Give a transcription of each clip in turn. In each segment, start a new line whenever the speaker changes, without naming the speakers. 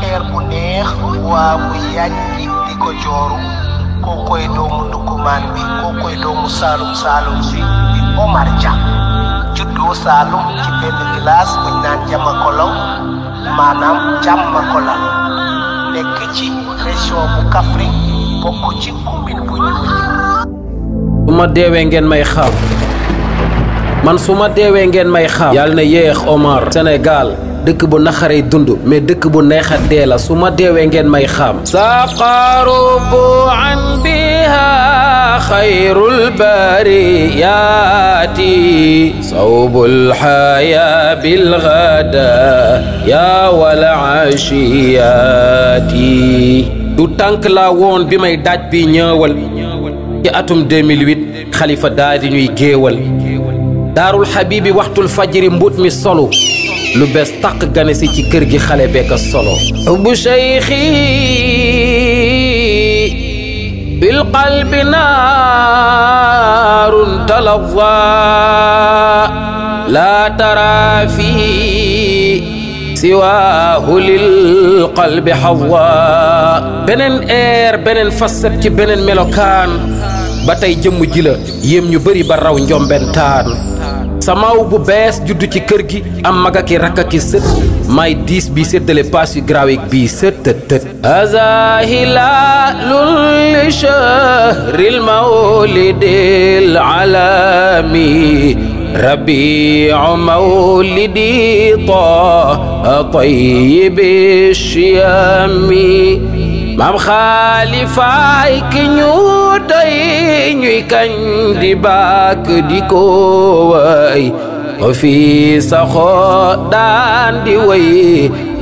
taaru mu yàññi di ko jooru koo koy bi koo koy doomu maanaam jàmma kolaw nekk ci région bu Kaffrine bokk ci commune bu ñuul su ma deewee ngeen may man su ma deewee ngeen may xaam yàlla na yéex Omar senegaal dëkk bu naxaree dund mais dëkk bu neex a la su ma deewee ngeen may xaam saqarubu an biha xayrul bariyaati sawbul xayaa bil gada yaa wal ashiyaati du tànk laa woon bi may daaj bi ñëwal ci atum 2008 xalifa daal di ñuy géewal daarul xabibi waxtul fajiri mbuut mi solu lu bees tàq gane si ci kër gi xale bee ko solo xubbu cheikhi bil qalbi naarun talazza laa tara fii siwaahu lil qalbi hawa beneen air beneen facette ci beneen melokaan ba tey jëmm ji la yéem ñu bëri ba raw njombentaan samaaw bu bees judd ci kër gi am mag aki rakk aki sët may diis bi séddale paas yu garaawik bii sët tët tët haza hilaalun li shahril mawlidil alami rabiu mawlidi taha tayyibi shiyami maam xaalifaay ki ñu doy ñuy kañ di bàkk di ko way o fii saxoo daan di woy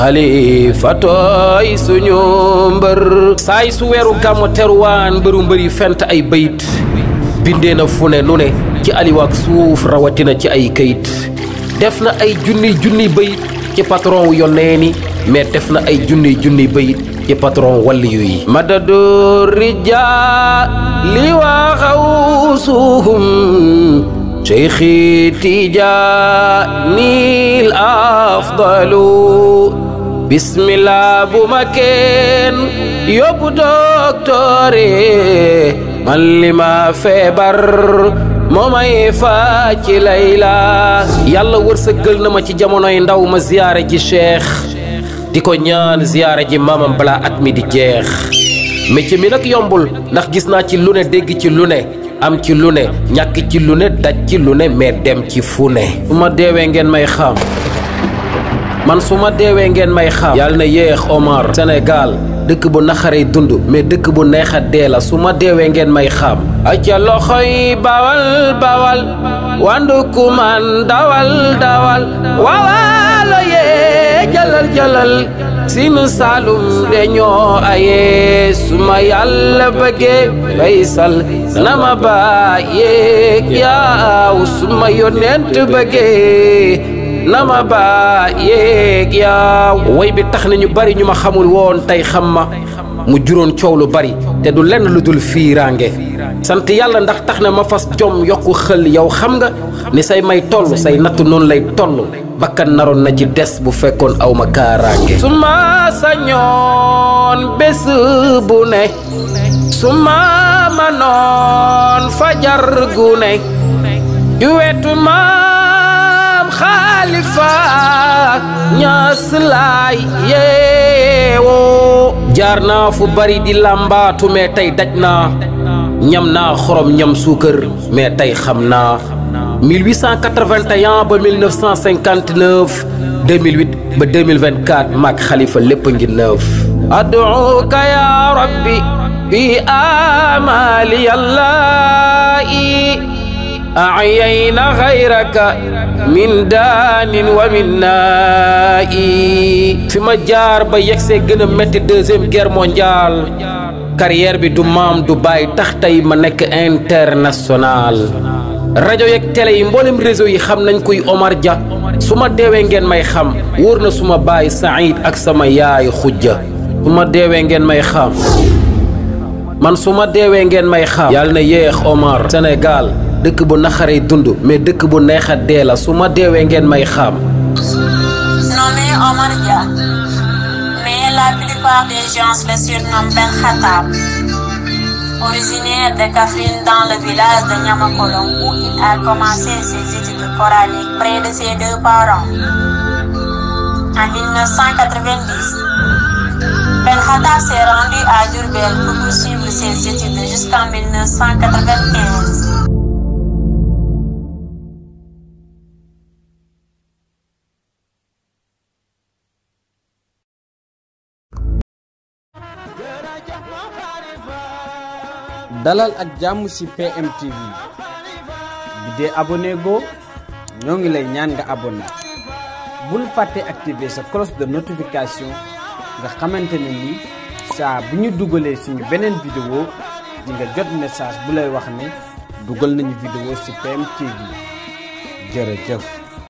xalifatooy suñu mbër saay su weeru gàmmu terwaan mbëru mbëri fent ay bayit bindee na fu ne lu ne ci aliwaak suuf rawatina ci ay kayit def na ay junniy junniy bayit ci patron yonnee ni mais def na ay junniy junniy bayit ci patron walliyu yi madadu rijaali waa xawsuhum sheykhi tijaanil afdalu bismillah bu ma kenn yóbbu doktoore man li ma feebar moo may faa ci layla yàlla wërsëgal na ma ci jamonoy ndaw ma ziyaare ji cheikh di ko ñaan ziyaara ji maamam balaa at mi di jeex métier mi nag yombul ndax gis naa ci lu ne dégg ci lu ne am ci lu ne ñàkk ci lu ne daj ci lu ne mais dem ci fu ne su ma deewee ngeen may xam man su ma deewee ngeen may xam yàlla na yéex Omar Sénégal dëkk bu naxaree dund mais dëkk bu neex a dee su ma deewee ngeen may xam aca loxoy bawal bawal wandu kuman dawal dawal walaalo jalal jalal sinu saalum dañoo ayee su ma yàlla bëggee baysal na ma bàyyeeg yaaw su ma bëggee na ma bàyyeeg yaaw way bi tax na ñu bari ñu ma xamul woon tey xam mu juróon coow lu bari te du lenn lu dul fiiraange sant yàlla ndax tax na ma fas jom yokku xël yow xam nga ni say may toll say natt noon lay toll bakkan naroon na ci des bu fekkoon aw ma kaaraange su ma sañoon bés bu ne su ma manoon fajar gu ne ju wetu maam xalifa ñaas laay yeewoo jaar naa fu bari di làmbaatu mais tey daj naa ñam naa xorom ñam suukar mais tey xam naa 1881 ba 1959 2008 ba 2024 maag xalifa lépp a ngi neuf aduuka ya rabbi fi amaali yàlla أعيينا غيرك من دان ومن ناء fi ma jaar ba yegsee gën a metti deuxième guerre mondiale carrière bi du maam du baay tax tey ma nekk international rajo yeeg télé yi mboolem réseau yi xam nañ kuy Omar Dia su ma deewee ngeen may xam wóor na su ma baay Saïd ak sama yaay xujja su ma deewee ngeen may xam man su ma deewee ngeen may xam yàlla na yéex Omar Sénégal dëkk bu mais dëkk bu neex la su may Omar Dia mais la plupart des gens le surnomment Ben Khattab. Originaire de Kafrine dans le village de Niamakolon où il a commencé ses études coraniques près de ses deux parents. En 1990, Ben Khattab s'est rendu à Durbel pour poursuivre ses études jusqu'en 1995. dalal ak jàmm ci PMTV bi dee abonné ñoo ngi lay ñaan nga abonné bul fàtte activer sa cloche de notification nga xamante ne nii saa bi ñu dugalee suñu beneen vidéo di nga jot message bu lay wax ne dugal nañu vidéo ci PMTV jëf